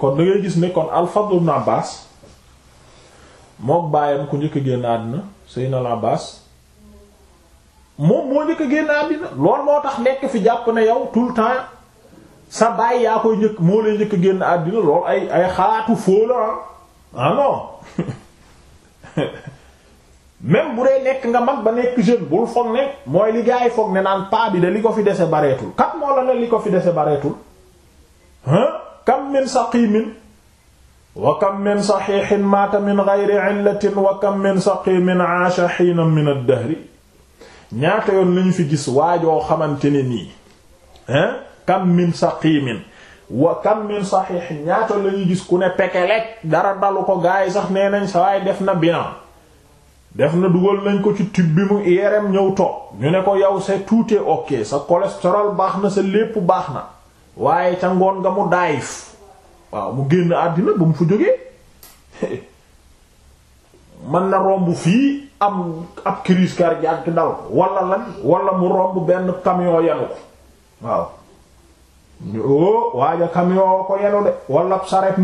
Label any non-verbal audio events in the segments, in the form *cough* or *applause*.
kon da gis ne kon al-Fadl ibn Abbas mook baayam ku njëkk a génn àddina Seydina al-Abbas moom moo njëkk génn àddina loolu moo tax nekk fi jàpp ne yow tout le temps sa baay yaa koy moo lay njëkk a génn àddina loolu ay ay xalaatu foo la ah, ah *laughs* bu dee nekk nga mag ba nekk jeune bul foog ne mooy li gaa yi foog ne naan paa bi da li ko fi dese bareetul kat moo la ne li ko fi dese bareetul kam min saqimin wa kam min saxiixin maata min geyri illatin wa kam min saqimin aasha xiinan min addahri ñaata yoon lañu fi gis waajoo xamante ne nii hein kam min saqimin wa kam min saxiixin ñaata lañu gis ku ne pekelek dara dalu ko gaay sax nee nañ sa waay def na bilan def na dugal nañ ko ci tube bi mu IRM ñëw toog ñu ne ko yow c'est tout est ok sa cholestérol baax na sa lépp baax na waaye ca ngoon nga mu daayif waaw mu génn àddina ba mu fa jógee *laughs* mën na romb fii am ab crise cardiaque dal wala lan wala mu romb benn camion yenu ko waaw ñu oo oh, waaja camion ko yenu de wala saret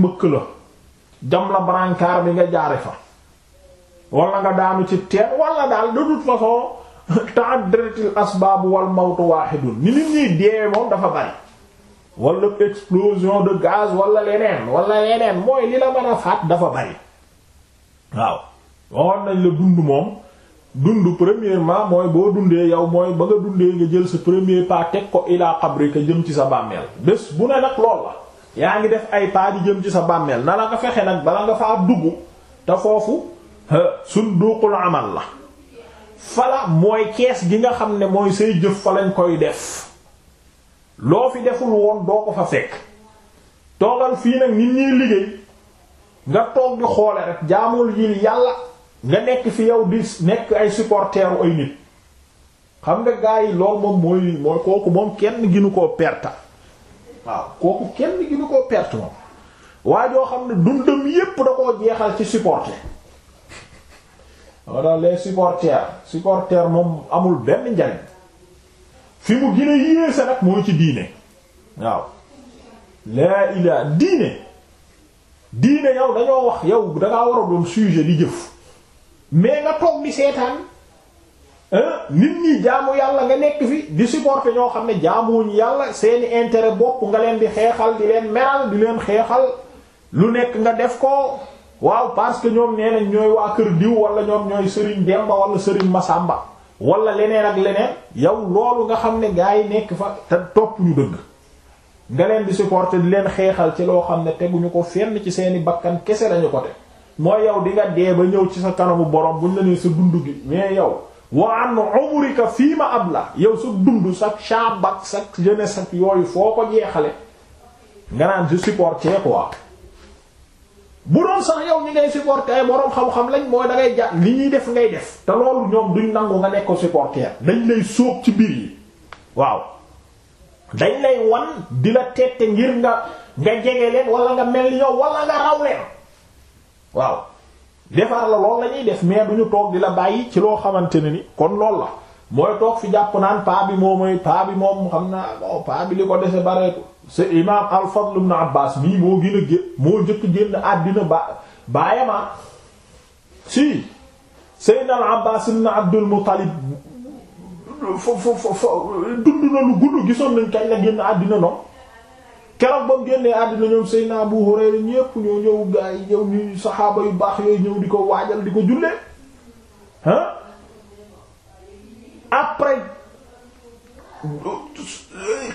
jam la brancard bi nga jaare fa wala nga daanu ci teer wala daal de toute façon *laughs* ta'addaratil asbaab wal mawtu waahidun ni nit ñi deewee moom dafa bari wala explosion de gaz wala leneen wala leneen mooy li la mën a faat dafa bari waaw waxoon nañ la dund moom dund premièrement mooy boo dundee yow mooy ba nga dundee nga jël sa premier pas teg ko ilaa xabri ka jëm ci sa bàmmeel bés bu ne nag lool la yaa ngi def ay pas di jëm ci sa bàmmeel na la nga fexe nag bala nga faa dugg te foofu sunduqul amal la fala mooy kees gi nga xam ne mooy say jëf fa koy def loo fi deful woon doo ko fa fekk toogal fii nag nit ñiy liggéey nga toog di xoole rek jaamul yi yàlla nga nekk fi yow di nekk ay supporteru ay nit xam nga gaa yi lool moom mooy mooy kooku moom kenn ginu koo perte waaw kooku kenn ginu koo perte moom waa joo xam ne dundam yépp da koo jeexal ci supporter walla les supporters supporters moom amul benn njariñ fi mu gën a yéese nag mooy ci diine waaw laa ilaa diine diine yow dañoo wax yow dangaa war a doon sujet di jëf mais nga toog di seetaan nit ñi jaamu yàlla nga nekk fi di supporter ñoo xam ne jaamuwuñu yàlla seeni intérêt bokk nga leen di xeexal di leen meral di leen xeexal lu nekk nga def ko waaw parce que ñoom nee nañ ñooy waa kër diw wala ñoom ñooy Serigne Demba wala Serigne Masamba wala leneen ak leneen yow loolu nga xam ne gaa yi nekk fa te topp ñu dëgg nga leen di supporter di leen xeexal ci loo xam ne teguñu ko fenn ci seeni bakkan kese lañu ko te mooy yow di nga dee ba ñëw ci sa kanamu borom buñ la nee sa dund gi mais yow wa an umrika fii ma ab la yow sa dund sa shaabak sa jeunesse ak yooyu foo ko jeexale nga naan je supporter quoi bu doon sax yow ñi ngay supporter ay borom xam-xam lañ mooy da ngay jà li ñuy def ngay def te loolu ñoom duñ nangu nga nekk ko supporter dañ lay sóob ci biir yi waaw dañ lay wan di la tette ngir nga nga jege leen wala nga mel yow wala nga raw leen waaw defar la loolu lañuy def mais duñu toog di la bàyyi ci loo xamante ne ni kon lool la mooy toog fi jàpp naan paa bi moo mooy paa bi moom xam naa bon paa bi li ko dese bareetu c'est imam al-Fadl ibn Abbas mii moo gën a moo njëkk génn àddina ba bàyyama si Seydina al-Abbas ibn Abdul na lu gudd noonu keroog ba génnee àddina ñoom Seydina Abu Hurayra ñépp ñoo ñëw gaa ñëw ñu saxaaba yu baax yooyu ñëw di ko waajal di ko jullee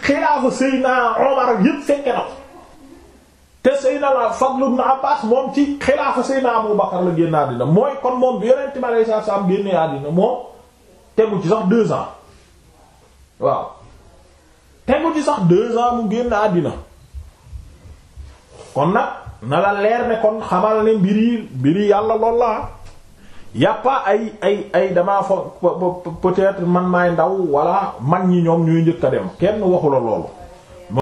xilaafa Seydina Omar yépp fekke na ko te Seydina Fadl ibn Abbas moom ci xilaafa Seydina Abu Bakar la génn àddina mooy kon moom bi Yonent bi alayhi salaatu génnee àddina moom tegu ci sax deux waaw tegu ci sax deux mu génn àddina kon nag na la leer ne kon xamal ne mbiri mbiri yàlla lool la yàppa ay ay ay damaa foog peut man maay ndaw wala man ñi ñoom ñuy njëkk dem kenn waxu la loolu